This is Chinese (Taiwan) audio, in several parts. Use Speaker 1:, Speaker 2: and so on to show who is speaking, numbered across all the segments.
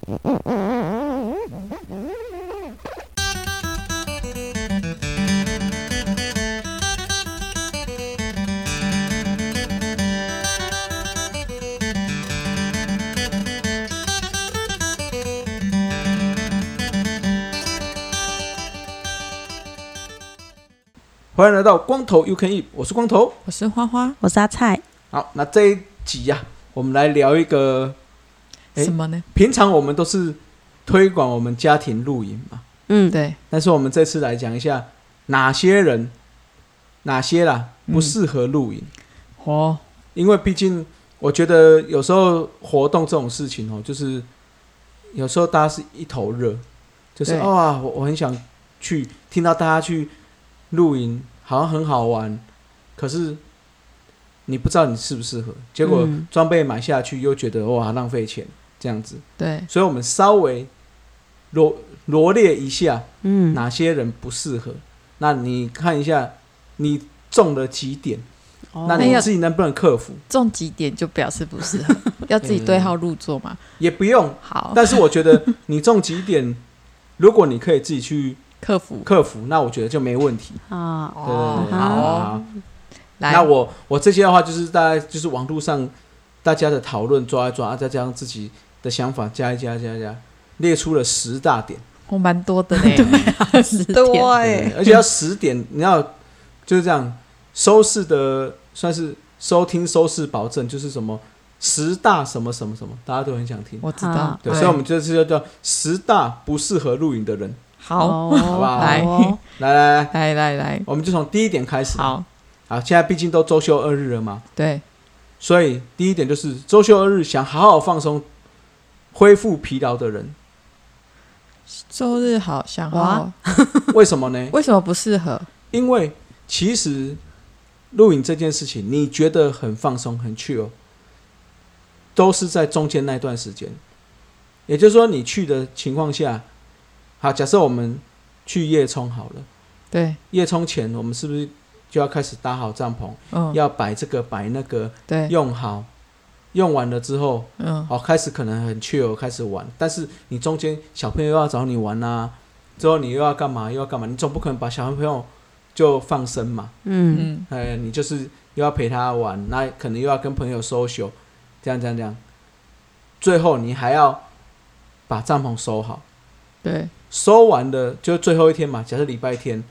Speaker 1: 歡迎來到光頭悠 CampEat，我是光頭，我是花花，我是阿蔡。好，那這一集呀、啊，我們來聊一個。為什麼呢？平常我們都是推廣我們家庭露營嘛。嗯，對。但是我們這次來講一下哪些人，哪些啦不適合露營。嗯、哦，因為畢竟我覺得有時候活動這種事情哦，就是有時候大家是一頭熱，就是對、哦、啊，我我很想去聽到大家去露營，好像很好玩。可是你不知道你適不適合，結果裝備買下去又覺得、嗯、哇浪費錢。這樣子，對，所以我們稍微羅羅列一下，嗯，哪些人不適合？那你看一下，你中了幾點？那你自己能不能克服？中幾點就表示不適合，要自己對號入座嘛。也不用。好，但是我覺得你中幾點，如果你可以自己去克服，克服，那我覺得就沒問題啊。哦，好，
Speaker 2: 那
Speaker 1: 我我這些的話，就是大概就是網路上大家的討論抓一抓，再加上自己，的想法加一加加一加，列出了十大點，我蠻、哦、多的嘞， 對、對，而且要十點，你要就是這樣收視的，算是收聽收視保證，就是什麼十大什麼什麼什麼，大家都很想聽，我知道、啊對，所以我們這次就叫十大不適合露營的人，好，好不好？來來、哦、來來來來，來來來，我們就從第一點開始，好，好，現在畢竟都周休二日了嘛，對，所以第一點就是周休二日想好好放鬆。恢復疲勞的人，周日好想。好，為什麼呢？ 為什麼不適合？ 為合因為其實露營這件事情，你覺得很放鬆、很 chill 哦，都是在中間那段時間。也就是說，你去的情況下，好，假設我們去夜衝好了，對，夜衝前我們是不是就要開始搭好帳篷？嗯，要擺這個、擺那個，對，用好。用完了之後，嗯，好，開始可能很 chill，開始玩，但是你中間小朋友又要找你玩吶、啊，之後你又要幹嘛？又要幹嘛？你總不可能把小朋友就放生嘛，嗯，嗯，哎，你就是又要陪他玩，那可能又要跟朋友 social 這樣這樣這樣，最後你還要把帳篷收好，對，收完的就最後一天嘛，假設禮拜天，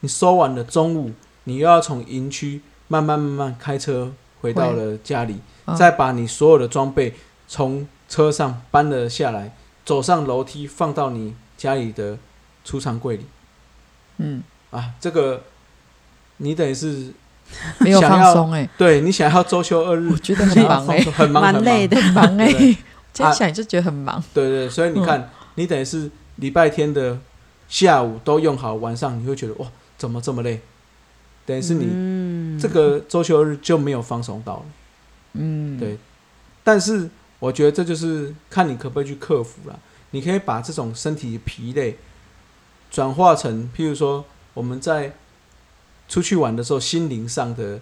Speaker 1: 你收完了，中午你又要從營區慢慢慢慢開車回到了家裡。哦、再把你所有的裝備從車上搬了下來，走上樓梯，放到你家裡的儲藏櫃裡。嗯，啊，這個你等於是想要沒有放鬆哎、欸。對，你想要周休二日，我覺得很忙哎、欸，很忙很忙累的忙哎。吧 今天想你就覺得很忙。嗯啊、對，對對，所以你看，你等於是禮拜天的下午都用好，晚上你會覺得哇，怎麼這麼累？等於是你、嗯、這個周休二日就沒有放鬆到了。嗯，對，但是我覺得這就是看你可不可以去克服了。你可以把這種身體的疲累轉化成，譬如說我們在出去玩的時候，心靈上的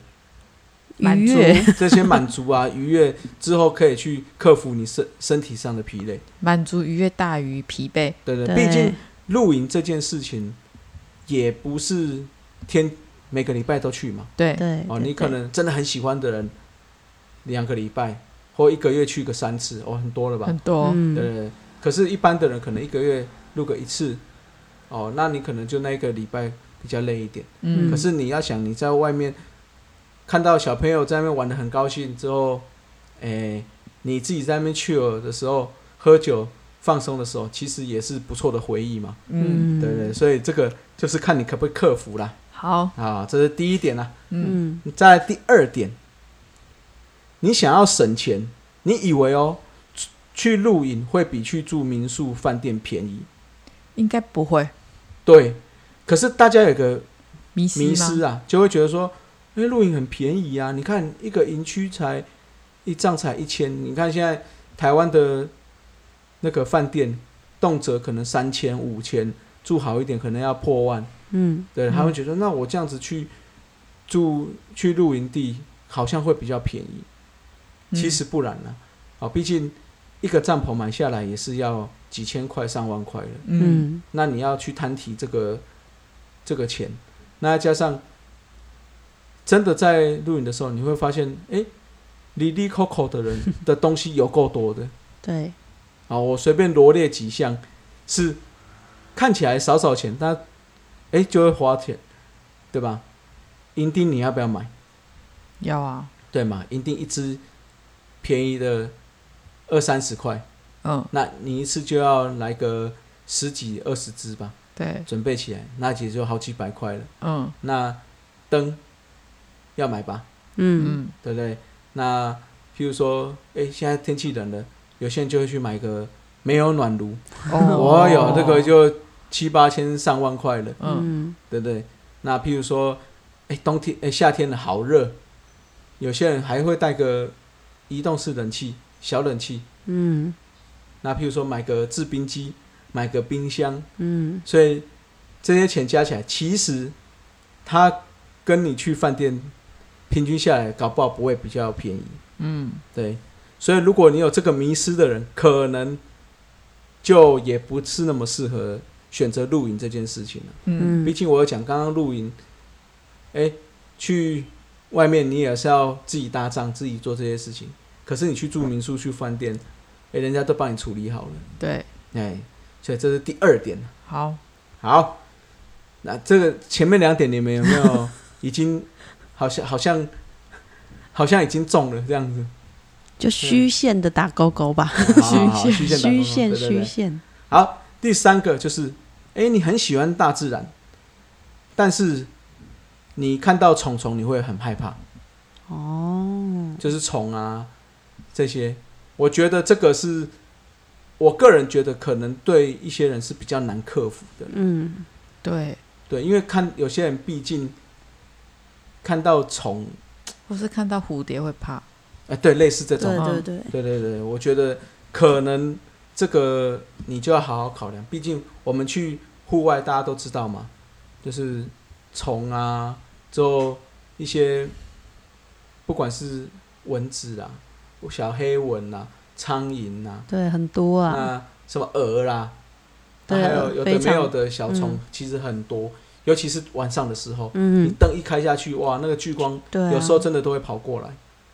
Speaker 1: 滿足悅，這些滿足啊， 愉悅之後，可以去克服你身身體上的疲累。滿足愉悅大於疲憊，對對，畢竟露營這件事情也不是天每個禮拜都去嘛。對對，哦，你可能真的很喜歡的人。兩個禮拜或一個月去個三次哦，很多了吧？很多，嗯、對，對對，可是，一般的人可能一個月露個一次，哦，那你可能就那一個禮拜比較累一點。嗯。可是，你要想你在外面看到小朋友在那邊玩得很高興之後，哎、欸，你自己在那邊去了的時候，喝酒放鬆的時候，其實也是不錯的回憶嘛。嗯，嗯，對，對對。所以，這個就是看你可不可以克服啦。好，啊、哦，這是第一點啦。嗯，嗯，嗯，再第二點。你想要省錢，你以為哦，去露營會比去住民宿、飯店便宜？應該不會。對，可是大家有個迷思失啊，失就會覺得說，因、欸、為露營很便宜啊，你看一個營區才一帳才一千，你看現在台灣的那個飯店，動輒可能三千、五千，住好一點可能要破萬。嗯，對，他會覺得、嗯、那我這樣子去住去露營地，好像會比較便宜。其實不然呢，啊，畢竟一個帳篷買下來也是要幾千塊、上萬塊的。嗯，嗯，那你要去攤提這個這個錢，那加上真的在露營的時候，你會發現，哎，離離口口的人的東西有夠多的。 對，啊、哦，我隨便羅列幾項，是看起來少少錢，但哎就會花錢，對吧？營釘你要不要買？要啊，對嘛，營釘一支。便宜的二三十塊，嗯，那你一次就要來個十幾二十支吧，對，準備起來那也就好幾百塊了，嗯，那燈要買吧，嗯，對不對？那譬如說，哎、欸，現在天氣冷了，有些人就會去買個沒有暖爐，哦，哦喲這個就七八千上萬塊了，嗯，對不對？那譬如說，哎、欸，冬天哎、欸、夏天的好熱，有些人還會帶個。移動式冷氣、小冷氣，嗯，那譬如說買個製冰機、買個冰箱，嗯，所以這些錢加起來，其實它跟你去飯店平均下來，搞不好不會比較便宜，嗯，對。所以如果你有這個迷思的人，可能就也不是那麼適合選擇露營這件事情了。嗯，畢竟我有講剛剛露營，哎、欸，去外面你也是要自己搭帳、自己做這些事情。可是你去住民宿去飯店、嗯欸，人家都幫你處理好了。對，哎、欸，所以這是第二點。好，好，那這個前面兩點你們有沒有已經好像 好像好像已經中了這樣子？就虛線的打勾勾吧。虛線，虛線，虛線。好，第三個就是，哎、欸，你很喜歡大自然，但是你看到蟲蟲你會很害怕。哦，就是蟲啊。這些，我覺得這個是我個人覺得可能對一些人是比較難克服的。嗯，對對，因為看有些人畢竟看到蟲，或是看到蝴蝶會怕。哎、
Speaker 2: 欸，對，類似這種，對對
Speaker 1: 對，啊、對對對，我覺得可能這個你就要好好考量。畢竟我們去戶外，大家都知道嘛，就是蟲啊，之後一些不管是蚊子啊。小黑蚊吶、啊，蒼蠅吶，對，很多啊，啊，什麼蛾啦，還有有的沒有的小蟲，其實很多，嗯、尤其是晚上的時候，嗯、你燈一開下去，哇，那個聚光，有時候真的都會跑過來，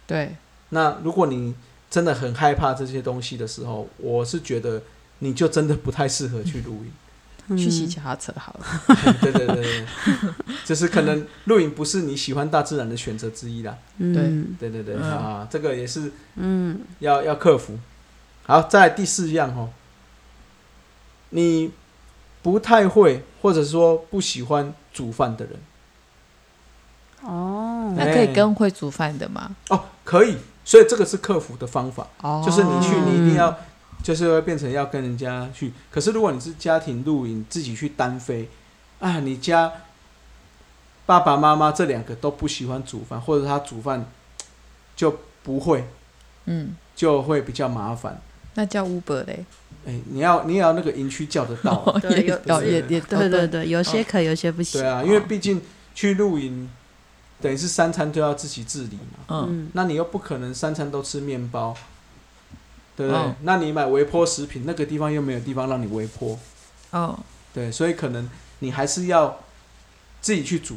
Speaker 1: 對，啊、對，那如果你真的很害怕這些東西的時候，我是覺得你就真的不太適合去露營，嗯、去洗腳踏車好了、 嗯，對對對，對。 就是可能露營不是你喜歡大自然的選擇之一啦。嗯、對對對對啊，這個也是嗯，要要克服。好，再來第四樣哦，你不太會或者說不喜歡煮飯的人哦，那、欸、可以跟會煮飯的嗎？哦，可以。所以這個是克服的方法，哦、就是你去你一定要，就是會變成要跟人家去。可是如果你是家庭露營，自己去單飛啊，你家，爸爸媽媽這兩個都不喜歡煮飯，或者他煮飯就不會，嗯，就會比較麻煩。那叫 Uber 嘞？哎，你要你也要那個營區叫得到，也也也對對對，有些可有些不行。對啊，因為畢竟去露營，等於是三餐都要自己自理嘛。嗯，那你又不可能三餐都吃麵包，對不對？那你買微波食品，那個地方又沒有地方讓你微波。哦。對，所以可能你還是要。自己去煮，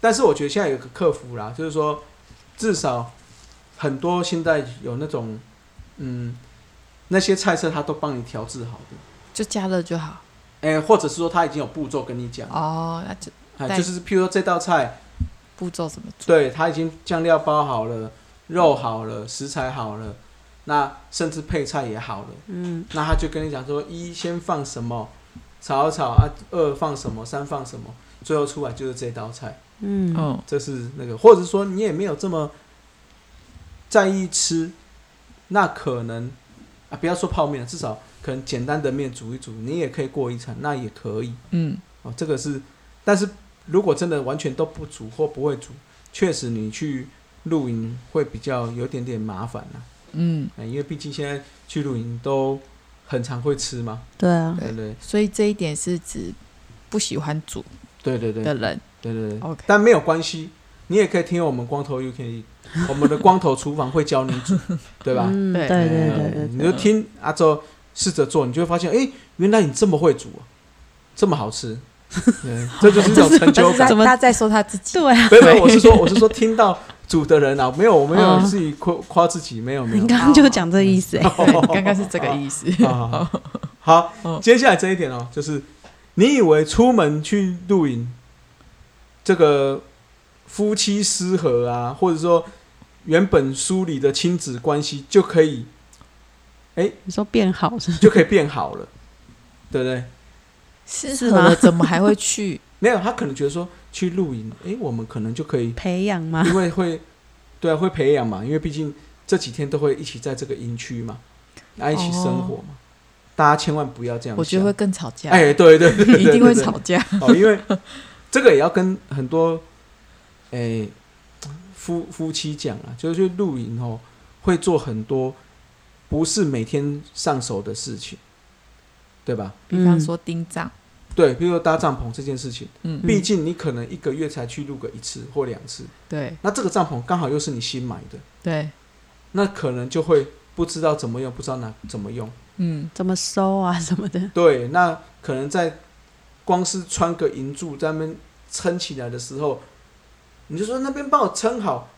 Speaker 1: 但是我覺得現在有個客服啦，就是說，至少很多現在有那種，嗯，那些菜色他都幫你調制好的，就加熱就好。哎、欸，或者是說他已經有步驟跟你講。哦，那就、欸、就是譬如說這道菜步驟怎麼做？對，他已經醬料包好了，肉好了，食材好了，那甚至配菜也好了。嗯，那他就跟你講說：一先放什麼，炒一炒啊；二放什麼，三放什麼。最後出來就是這道菜。嗯，哦，這是那個，或者說你也沒有這麼在意吃，那可能啊，不要說泡麵，至少可能簡單的麵煮一煮，你也可以過一餐，那也可以，嗯，哦，這個是，但是如果真的完全都不煮或不會煮，確實你去露營會比較有點點麻煩啊，
Speaker 2: 嗯，
Speaker 1: 因為畢竟現在去露營都很常會吃嘛。對啊，對，對對，所以這一點是指不喜歡煮。對對對，的人對對對，但沒有關係，你也可以聽我們光頭悠 CampEat，我們的光頭廚房會教你煮，對吧？對對對，你就聽阿周試着做，你就會發現，誒原來你這麼會煮，這麼好吃，這就是一種成就感。他在說他自己，對，沒有，我是說，我是說聽到煮的人啊，沒有，我沒有自己誇誇自己，沒有，沒有。你剛剛就講這意思，剛剛是這個意思。好，接下來這一點哦，就是。你以為出門去露營，這個夫妻失和啊，或者說原本疏離的親子關係就可以，哎，你說變好是，是就可以變好了，對不對？是是嗎？怎麼還會去？沒有，他可能覺得說去露營，哎，我們可能就可以培養嗎？因為會，對啊，會培養嘛，因為畢竟這幾天都會一起在這個營區嘛，來一起生活嘛。Oh. 大家千萬不要這樣，我覺得會更吵架。哎、欸，對對對，你一定會吵架。哦，因為這個也要跟很多哎、欸、夫夫妻講啊，就是去露營哦，會做很多不是每天上手的事情，對吧？比方說釘帳，對，比如說搭帳篷這件事情，嗯、嗯，畢竟你可能一個月才去露個一次或兩次，對，那這個帳篷剛好又是你新買的，對，那可能就會不知道怎麼用，不知道哪怎麼用。嗯，怎麼收啊什麼的？對，那可能在光是穿個銀柱在那邊撐起來的時候，你就說那邊幫我撐好，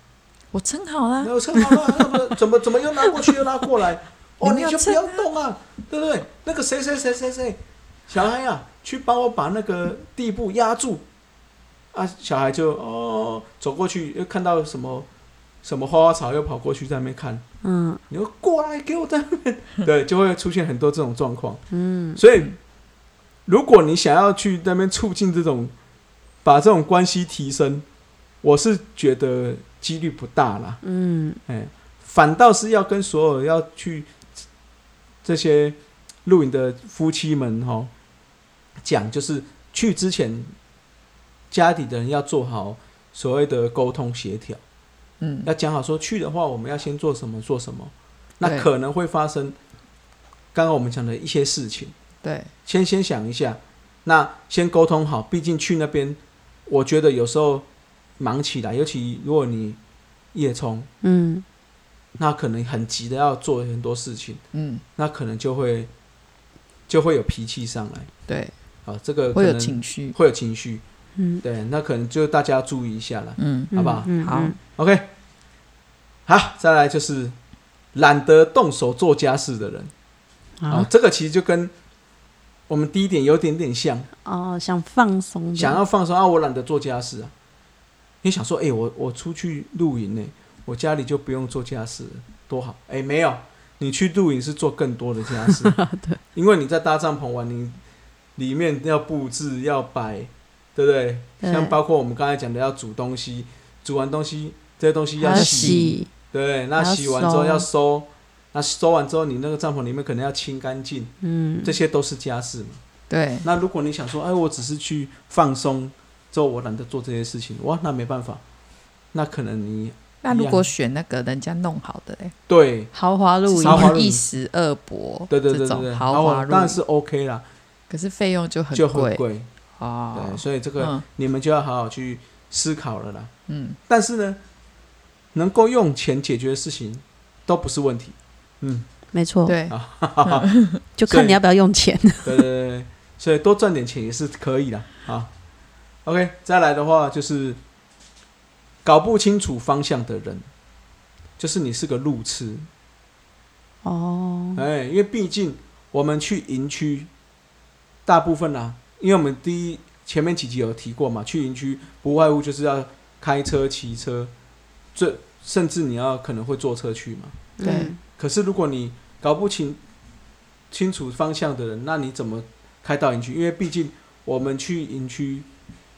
Speaker 1: 我撐好了，嗯、我撐好了， 怎麼怎麼又拉過去又拉過來？哦，你，啊、你就不要動啊，對不對，對？那個誰誰誰誰誰，小孩呀，啊，去幫我把那個地布壓住啊！小孩就哦走過去，又看到什麼？什麼花花草又跑過去在那邊看？嗯，你又過來給我在那邊，對，就會出現很多這種狀況。嗯，所以如果你想要去那邊促進這種，把這種關係提升，我是覺得幾率不大啦。嗯，哎、欸，反倒是要跟所有要去這些露營的夫妻們哈，講就是去之前，家裡的人要做好所謂的溝通協調。嗯，要講好說去的話，我們要先做什麼做什麼，對那可能會發生剛剛我們講的一些事情。對，先先想一下，那先溝通好，畢竟去那邊，我覺得有時候忙起來，尤其如果你夜衝，嗯，那可能很急的要做很多事情，嗯，那可能就會就會有脾氣上來。對，啊，這個可能會有情緒，會有情緒。嗯，對，那可能就大家注意一下了，嗯，好不好？嗯嗯、好，OK，好，再來就是懶得動手做家事的人。啊好，這個其實就跟我們第一點有一點點像哦，想放鬆，想要放鬆啊，我懶得做家事啊。你想說，哎、欸，我我出去露營呢、欸，我家裡就不用做家事，多好！哎、欸，沒有，你去露營是做更多的家事， 對，因為你在搭帳篷玩，你裡面要佈置，要擺。對不對？像包括我們剛才講的，要煮東西，煮完東西這些東西要洗，對。那洗完之後要收，那收完之後你那個帳篷裡面可能要清乾淨，嗯，這些都是家事嘛。對。那如果你想說，哎，我只是去放鬆，之後我懶得做這些事情，哇，那沒辦法。那可能你那如果選那個人家弄好的嘞，對，豪華露營一十二博，對對對對，豪華露營當然是 OK 啦，可是費用就很貴。啊、哦，對，所以這個你們就要好好去思考了啦。嗯，但是呢，能夠用錢解決的事情都不是問題。嗯，沒錯，對啊， 就看你要不要用錢。對對對，所以多賺點錢也是可以的。好，OK，再來的話就是搞不清楚方向的人，就是你是個路痴。哦，哎，因為畢竟我們去營區，大部分呢、啊。因為我們第一前面幾集有提過嘛，去營區不外乎就是要開車、騎車，這甚至你要可能會坐車去嘛。對、嗯。可是如果你搞不清清楚方向的人，那你怎麼開到營區？因為畢竟我們去營區，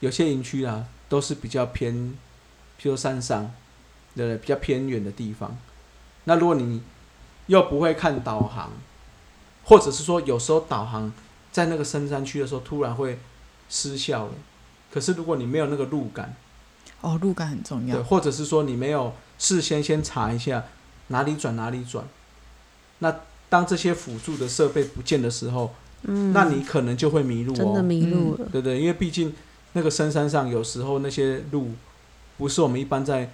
Speaker 1: 有些營區啊都是比較偏，譬如說山上，對不對？比較偏遠的地方。那如果你又不會看導航，或者是說有時候導航。在那個深山區的時候，突然會失效了。可是如果你沒有那個路感，哦，路感很重要。對，或者是說你沒有事先先查一下哪裡轉哪裡轉，那當這些輔助的設備不見的時候，嗯、那你可能就會迷路哦，真的迷路了，對，對對，因為畢竟那個深山上有時候那些路不是我們一般在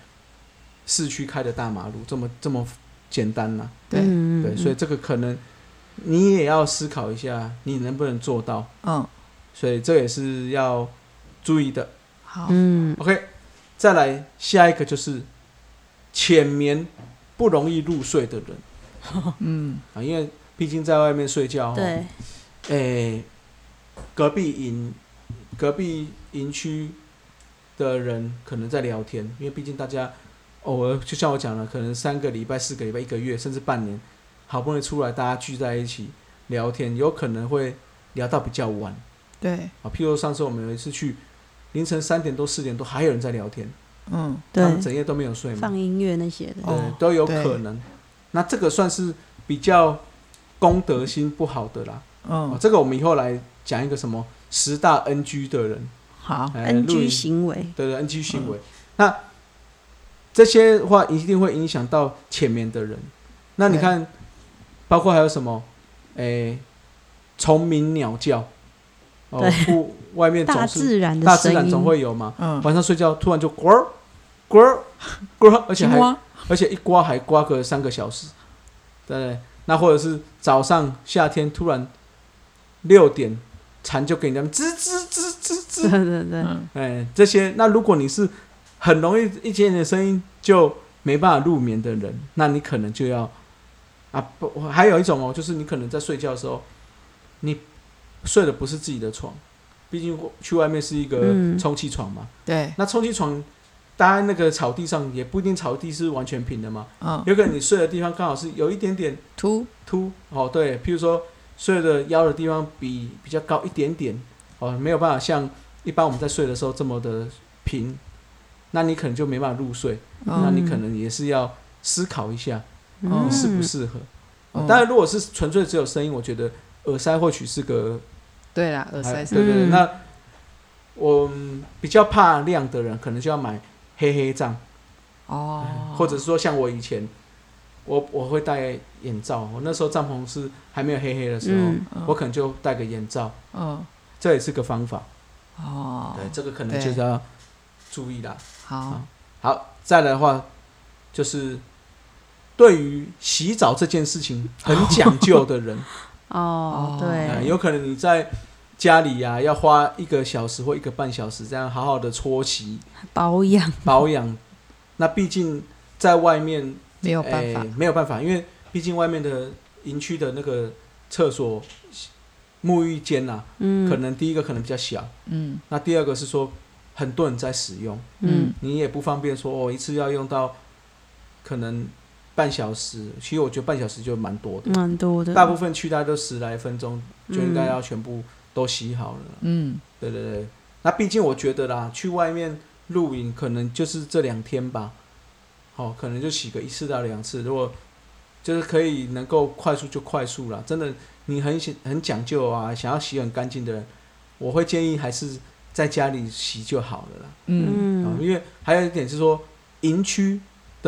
Speaker 1: 市區開的大馬路這麼這麼簡單吶、啊。嗯、對、嗯、對，所以這個可能。你也要思考一下，你能不能做到？嗯，所以這也是要注意的。好，嗯，OK。再來下一個就是淺眠，不容易入睡的人。嗯啊，因為畢竟在外面睡覺，對。誒、欸，隔壁營，隔壁營區的人可能在聊天，因為畢竟大家偶爾，就像我講了，可能三個禮拜、四個禮拜、一個月，甚至半年。好不容易出來，大家聚在一起聊天，有可能會聊到比較晚。對啊，譬如上次我們有一次去凌晨三點多、四點多，還有人在聊天。嗯，對，整夜都沒有睡。放音樂那些的，哦、對都有可能。那這個算是比較公德心不好的啦。嗯、哦，這個我們以後來講一個什麼十大 NG 的人。好，NG 行為。對對，NG 行為。那這些話一定會影響到前面的人。那你看。欸包括還有什麼？哎、欸，蟲鳴鳥叫，對，呃、外面總是大自然的聲音，大自然總會有嘛。嗯、晚上睡覺突然就呱呱呱，而且還蛙而且一刮還刮個三個小時。對，對，對，那或者是早上夏天突然六點蟬就給人家吱吱吱吱吱，嘖嘖嘖嘖嘖嘖嘖，對對對，哎、嗯欸，這些。那如果你是很容易一聽的聲音就沒辦法入眠的人，那你可能就要。啊不，我還有一種哦，就是你可能在睡覺的時候，你睡的不是自己的床，畢竟去外面是一個充氣床嘛。嗯、對。那充氣床搭在那個草地上，也不一定草地是完全平的嘛。哦、有可能你睡的地方剛好是有一點點凸凸哦。對。譬如說睡的腰的地方比比較高一點點哦，沒有辦法像一般我們在睡的時候這麼的平，那你可能就沒辦法入睡。嗯、那你可能也是要思考一下。你適不適合？當然，如果是純粹只有聲音，我覺得耳塞或許是個。對啦，耳塞是。對對對，那我比較怕亮的人，可能就要買黑黑帳。哦。或者是說，像我以前，我我會戴眼罩。我那時候帳篷是還沒有黑黑的時候，我可能就戴個眼罩。這也是個方法。對，這個可能就是要注意啦。好。好，再來的話就是。對於洗澡這件事情很講究的人，oh, 哦，對、呃，有可能你在家裡呀、啊，要花一個小時或一個半小時這樣好好的搓洗保養保養。那畢竟在外面沒有辦法、欸，沒有辦法，因為畢竟外面的營區的那個廁所沐浴間吶、啊，嗯，可能第一個可能比較小，嗯，那第二個是說很多人在使用，嗯，你也不方便說哦，一次要用到可能。半小時，其實我覺得半小時就蠻多的，蠻多的。大部分去大概都十來分鐘，嗯、就應該要全部都洗好了。嗯，對對對。那畢竟我覺得啦，去外面露營可能就是這兩天吧，好、哦，可能就洗個一次到兩次。如果就是可以能夠快速就快速啦。真的你很很講究啊，想要洗很乾淨的人，我會建議還是在家裡洗就好了啦。嗯，嗯、哦，因為還有一點是說營區。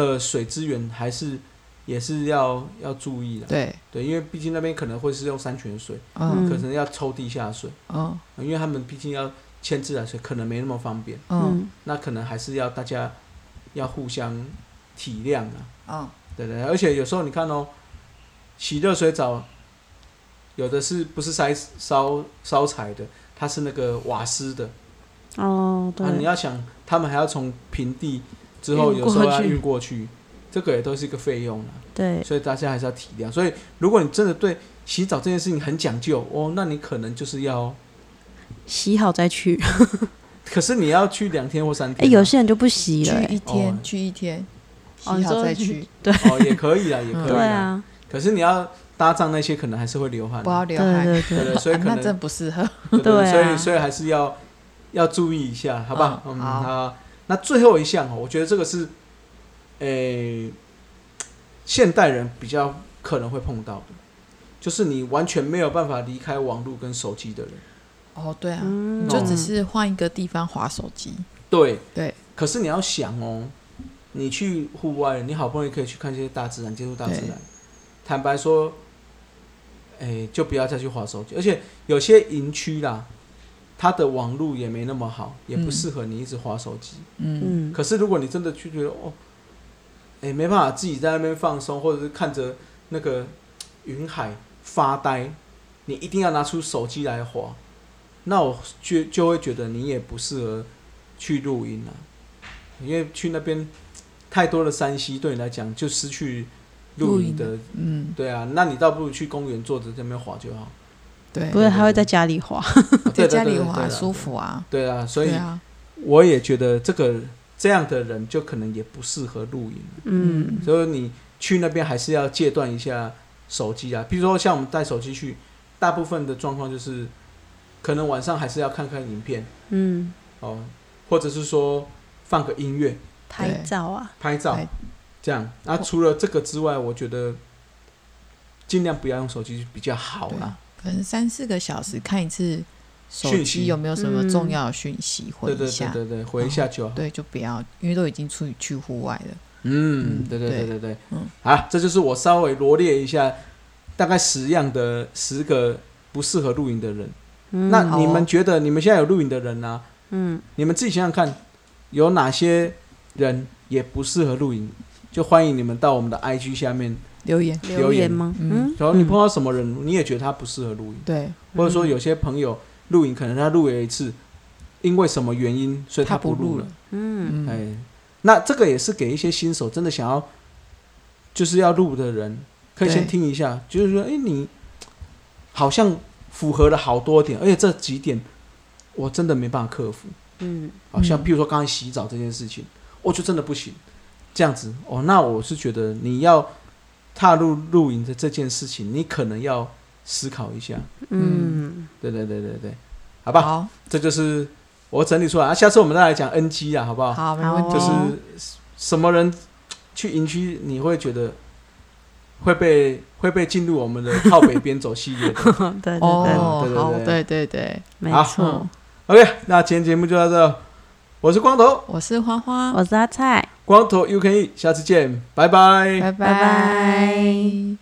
Speaker 1: 的水資源還是也是要要注意的，對對，因為畢竟那邊可能會是用山泉水，嗯嗯、可能要抽地下水，哦嗯，因為他們畢竟要牽自來水，可能沒那麼方便，嗯嗯，那可能還是要大家要互相體諒啊，嗯、對，對對，而且有時候你看哦，喔，洗熱水澡，有的是不是燒燒燒柴的，它是那個瓦斯的，哦，對，啊、你要想他們還要從平地，之後有時候要運過去，這個也都是一個費用了。對，所以大家還是要體諒。所以，如果你真的對洗澡這件事情很講究哦，那你可能就是要洗好再去。可是你要去兩天或三天？哎，有些人就不洗了，去一天，去一天，洗好再去。對，哦，也可以啊，也可以啊。可是你要搭帳那些，可能還是會流汗，不要流汗，對，所以可能那這不適合。對，所以所以還是要要注意一下，好吧？嗯啊。那最後一項哦、喔，我覺得這個是，誒、欸，現代人比較可能會碰到的，就是你完全沒有辦法離開網絡跟手機的人。哦，oh, 對啊，No. 就只是換一個地方滑手機。對對。對可是你要想哦、喔，你去戶外，你好不容易可以去看一些大自然，接觸大自然。對坦白說，誒、欸，就不要再去滑手機。而且有些營區啦。它的網路也沒那麼好，也不適合你一直滑手機，嗯。嗯，可是如果你真的去覺得哦，哎、欸、沒辦法，自己在那邊放鬆，或者是看着那個雲海發呆，你一定要拿出手機來滑，那我就就會覺得你也不適合去露營了，啊，因為去那邊太多的山溪對你來講就失去露營的嗯，嗯，對啊，那你倒不如去公園坐着在那邊滑就好。對不是，還會在家裡滑，在家裡滑舒服啊。對啊，所以我也覺得這個這樣的人就可能也不適合露營。嗯，所以你去那邊還是要戒斷一下手機啊。比如說像我們帶手機去，大部分的狀況就是，可能晚上還是要看看影片。嗯，哦，或者是說放個音樂、拍照啊、拍照拍這樣。那、啊哦、除了這個之外，我覺得盡量不要用手機比較好啦、啊。可能三四個小時看一次手機有沒有什麼重要訊息，回一下，對對對，回一下就好，就不要，因為都已經出去戶外了。嗯，對對對對對，嗯，好、啊嗯啊，這就是我稍微羅列一下，大概十樣的十個不適合露營的人。嗯、那你們覺得，你們現在有露營的人呢、啊？嗯，你們自己想想看，有哪些人也不適合露營，就歡迎你們到我們的 IG 下面。留言留言，留言嗎？嗯，然後你碰到什麼人，嗯、你也覺得他不適合露營？對，嗯、或者說有些朋友露營，可能他露了一次，因為什麼原因，所以他不露了了。嗯，哎，嗯欸，那這個也是給一些新手真的想要就是要露的人，可以先聽一下，對就是說，哎，欸，你好像符合了好多點，而且這幾點我真的沒辦法克服。嗯，好像譬如說剛洗澡這件事情，我就真的不行。這樣子哦，那我是覺得你要踏入露營的這件事情，你可能要思考一下。嗯，對、嗯、對對對對，好吧，好，這就是我整理出來啊。下次我們再來講 NG 啊，好不好？好，沒問題。就是什麼人去營區，你會覺得會被會被進入我們的靠北邊走系列、 哦。對對對對對對好好對對對，沒錯、嗯。OK，那今天節目就到這。我是光頭，我是花花，我是阿菜。光頭悠 CampEat, 下次見，拜拜，拜拜。拜拜